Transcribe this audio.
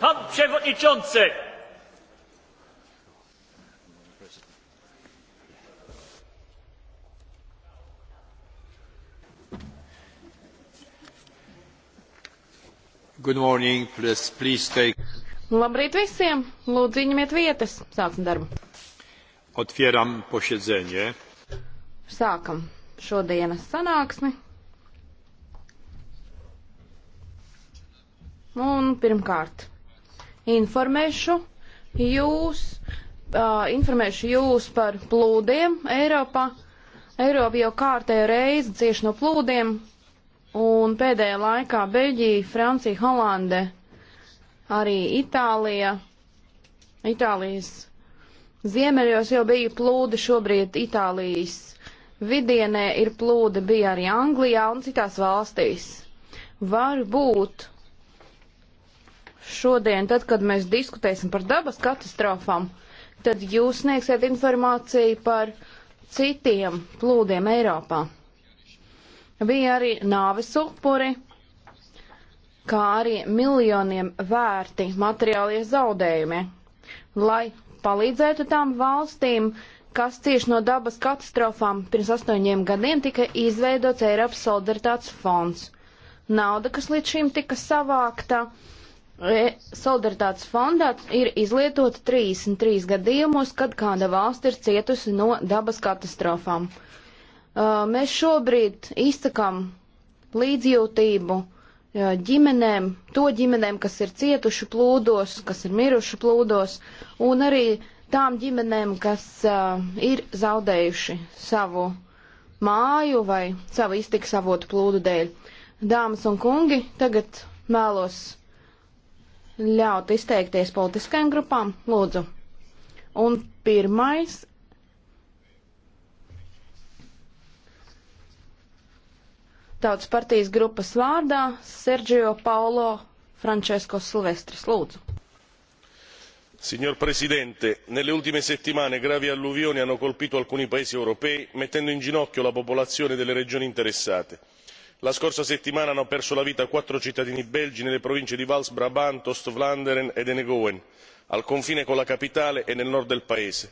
Pan Przewodniczący! Good morning, please, please take... Labrīt visiem! Lūdzu, ņemiet vietas. Sāksim darbu. Otvieram posiedzenie. Sākam šodienas sanāksmi. Un pirmkārt, informēšu jūs, uh, informēšu jūs par plūdiem Eiropā. Eiropa jau kārtējo reizi cieši no plūdiem, un pēdējā laikā Beļģija, Francija, Holande, arī Itālija, Itālijas ziemeļos jau bija plūdi, šobrīd Itālijas vidienē ir plūdi, bija arī Anglijā un citās valstīs. Varbūt šodien, tad, kad mēs diskutēsim par dabas katastrofām, tad jūs sniegsiet informāciju par citiem plūdiem Eiropā. Bija arī nāves upuri, kā arī miljoniem vērti materiālie zaudējumi, lai palīdzētu tām valstīm, kas cieši no dabas katastrofām pirms astoņiem gadiem tika izveidots Eiropas solidaritātes fonds. Nauda, kas līdz šim tika savākta, uh, Solidaritātes fondā ir izlietota 33 gadījumos, kad kāda valsts ir cietusi no dabas katastrofām. Uh, mēs šobrīd izsakām līdzjūtību uh, ģimenēm, to ģimenēm, kas ir cietuši plūdos, kas ir miruši plūdos, un arī tām ģimenēm, kas uh, ir zaudējuši savu māju vai savu iztikas avotu plūdu dēļ. Dāmas un kungi, tagad mēlos ļaut izteikties politiskajām grupām? Lūdzu. Un pirmais. Tautas partijas grupas vārdā Sergio Paulo Francesco Silvestris. Lūdzu. Signor Presidente, nelle ultime settimane gravi alluvioni hanno colpito alcuni paesi europei mettendo in ginocchio la popolazione delle regioni interessate la scorsa settimana hanno perso la vita quattro cittadini belgi nelle province di vals brabant oost vlaanderen ed eindhoven al confine con la capitale e nel nord del paese.